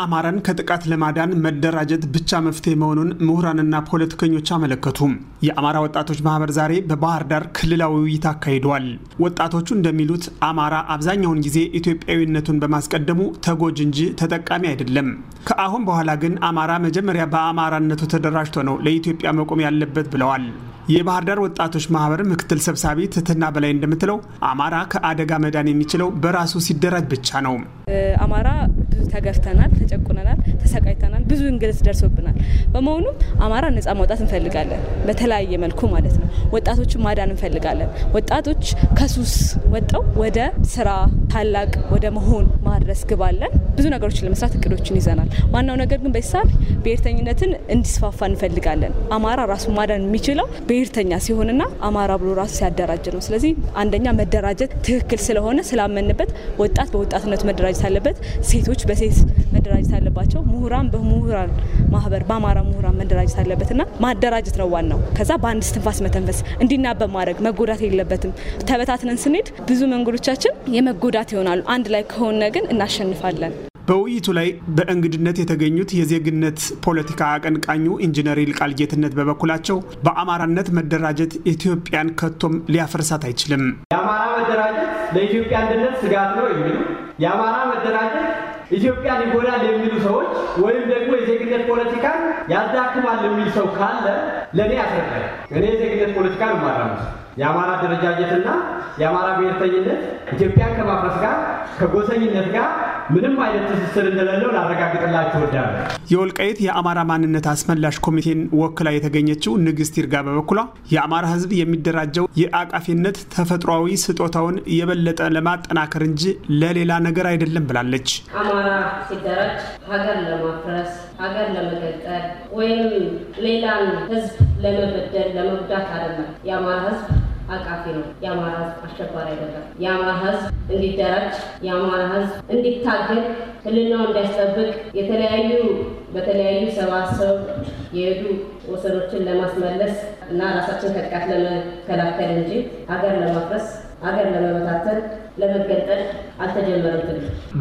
አማራን ከጥቃት ለማዳን መደራጀት ብቻ መፍትሄ መሆኑን ምሁራንና ፖለቲከኞች አመለከቱም። የአማራ ወጣቶች ማህበር ዛሬ በባህር ዳር ክልላዊ ውይይት አካሂደዋል። ወጣቶቹ እንደሚሉት አማራ አብዛኛውን ጊዜ ኢትዮጵያዊነቱን በማስቀደሙ ተጎጅ እንጂ ተጠቃሚ አይደለም። ከአሁን በኋላ ግን አማራ መጀመሪያ በአማራነቱ ተደራጅቶ ነው ለኢትዮጵያ መቆም ያለበት ብለዋል። የባህር ዳር ወጣቶች ማህበር ምክትል ሰብሳቢ ትህትና በላይ እንደምትለው አማራ ከአደጋ መዳን የሚችለው በራሱ ሲደራጅ ብቻ ነው። አማራ ብዙ ተገፍተናል፣ ተጨቁነናል፣ ተሰቃይተናል፣ ብዙ እንግልት ደርሶብናል። በመሆኑም አማራ ነጻ ማውጣት እንፈልጋለን፣ በተለያየ መልኩ ማለት ነው። ወጣቶችን ማዳን እንፈልጋለን። ወጣቶች ከሱስ ወጠው ወደ ስራ ታላቅ ወደ መሆን ማድረስ ግባለን። ብዙ ነገሮችን ለመስራት እቅዶችን ይዘናል። ዋናው ነገር ግን በሳ ብሔርተኝነትን እንዲስፋፋ እንፈልጋለን። አማራ ራሱ ማዳን የሚችለው ብሄርተኛ ሲሆንና አማራ ብሎ ራሱ ሲያደራጅ ነው። ስለዚህ አንደኛ መደራጀት ትክክል ስለሆነ ስላመንበት፣ ወጣት በወጣትነቱ መደራጀት አለበት፣ ሴቶች በሴት መደራጀት አለባቸው፣ ምሁራን በምሁራን ማህበር በአማራ ምሁራን መደራጀት አለበትና ማደራጀት ነው ዋናው። ከዛ በአንድ ስትንፋስ መተንፈስ እንዲናበብ ማድረግ መጎዳት የለበትም። ተበታትነን ስንሄድ ብዙ መንገዶቻችን የመጎዳት ይሆናሉ። አንድ ላይ ከሆነ ግን እናሸንፋለን። በውይይቱ ላይ በእንግድነት የተገኙት የዜግነት ፖለቲካ አቀንቃኙ ኢንጂነር ይልቃል ጌትነት በበኩላቸው በአማራነት መደራጀት ኢትዮጵያን ከቶም ሊያፈርሳት አይችልም። የአማራ መደራጀት ለኢትዮጵያ አንድነት ስጋት ነው የሚሉ የአማራ መደራጀት ኢትዮጵያን ይጎዳል የሚሉ ሰዎች ወይም ደግሞ የዜግነት ፖለቲካን ያዳክማል የሚል ሰው ካለ ለእኔ ያስረዳል። እኔ የዜግነት ፖለቲካን ማራመስ የአማራ አደረጃጀትና የአማራ ብሔርተኝነት ኢትዮጵያን ከማፍረስ ጋር ከጎሰኝነት ጋር ምንም አይነት ትስስር እንደሌለው ላረጋግጥላችሁ ወዳለ የወልቃይት የአማራ ማንነት አስመላሽ ኮሚቴን ወክላ የተገኘችው ንግስት ይርጋ በበኩሏ የአማራ ህዝብ የሚደራጀው የአቃፊነት ተፈጥሯዊ ስጦታውን የበለጠ ለማጠናከር እንጂ ለሌላ ነገር አይደለም ብላለች። አማራ ሲደራጅ ሀገር ለማፍረስ ሀገር ለመገጠል ወይም ሌላን ህዝብ ለመበደል ለመጉዳት አይደለም። የአማራ ህዝብ አቃፊ ነው። የአማራ ህዝብ አሸባሪ አይደለም። የአማራ ህዝብ እንዲደራጅ፣ የአማራ ህዝብ እንዲታገል፣ ህልናው እንዲያስጠብቅ የተለያዩ በተለያዩ ሰባሰብ የሄዱ ወሰኖችን ለማስመለስ እና ራሳችን ከጥቃት ለመከላከል እንጂ ሀገር ለማፍረስ ሀገር ለመበታተን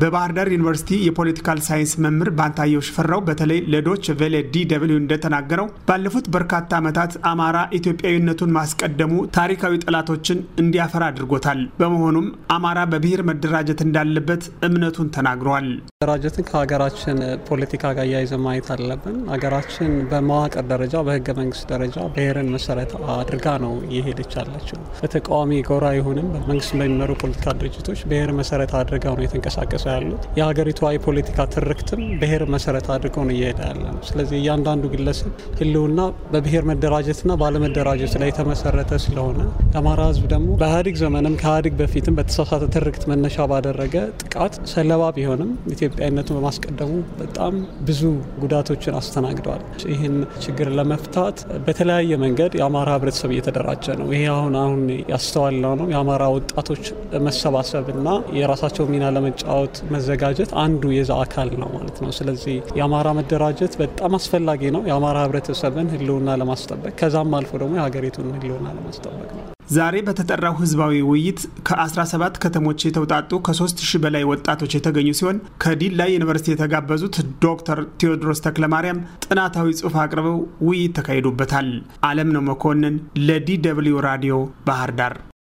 በባህር ዳር ዩኒቨርሲቲ የፖለቲካል ሳይንስ መምህር ባንታየው ሽፈራው በተለይ ለዶች ቬሌ ዲ ደብልዩ እንደተናገረው ባለፉት በርካታ ዓመታት አማራ ኢትዮጵያዊነቱን ማስቀደሙ ታሪካዊ ጠላቶችን እንዲያፈራ አድርጎታል። በመሆኑም አማራ በብሔር መደራጀት እንዳለበት እምነቱን ተናግረዋል። መደራጀትን ከሀገራችን ፖለቲካ ጋር እያይዘን ማየት አለብን። ሀገራችን በመዋቅር ደረጃ በህገ መንግስት ደረጃ ብሔርን መሰረት አድርጋ ነው እየሄደች ያለችው። በተቃዋሚ ጎራ ይሁንም በመንግስት በሚመሩ ፖለቲካ ድርጅቶች ብሔር መሰረት አድርገው ነው የተንቀሳቀሰ ያሉት። የሀገሪቷ የፖለቲካ ትርክትም ብሔር መሰረት አድርገው ነው እየሄደ ያለ ነው። ስለዚህ እያንዳንዱ ግለሰብ ህልውና በብሔር መደራጀትና ባለመደራጀት ላይ የተመሰረተ ስለሆነ የአማራ ህዝብ ደግሞ በኢህአዴግ ዘመንም ከኢህአዴግ በፊትም በተሳሳተ ትርክት መነሻ ባደረገ ጥቃት ሰለባ ቢሆንም ኢትዮጵያዊነቱን በማስቀደሙ በጣም ብዙ ጉዳቶችን አስተናግደዋል። ይህን ችግር ለመፍታት በተለያየ መንገድ የአማራ ህብረተሰብ እየተደራጀ ነው። ይሄ አሁን አሁን ያስተዋልነው ነው። የአማራ ወጣቶች መሰባ መሰባሰብና የራሳቸው ሚና ለመጫወት መዘጋጀት አንዱ የዛ አካል ነው ማለት ነው። ስለዚህ የአማራ መደራጀት በጣም አስፈላጊ ነው፣ የአማራ ህብረተሰብን ህልውና ለማስጠበቅ ከዛም አልፎ ደግሞ የሀገሪቱን ህልውና ለማስጠበቅ ነው። ዛሬ በተጠራው ህዝባዊ ውይይት ከ17 ከተሞች የተውጣጡ ከ3000 በላይ ወጣቶች የተገኙ ሲሆን ከዲላ ዩኒቨርሲቲ የተጋበዙት ዶክተር ቴዎድሮስ ተክለማርያም ጥናታዊ ጽሑፍ አቅርበው ውይይት ተካሂዶበታል። አለም ነው መኮንን ለዲ ደብልዩ ራዲዮ ባህር ዳር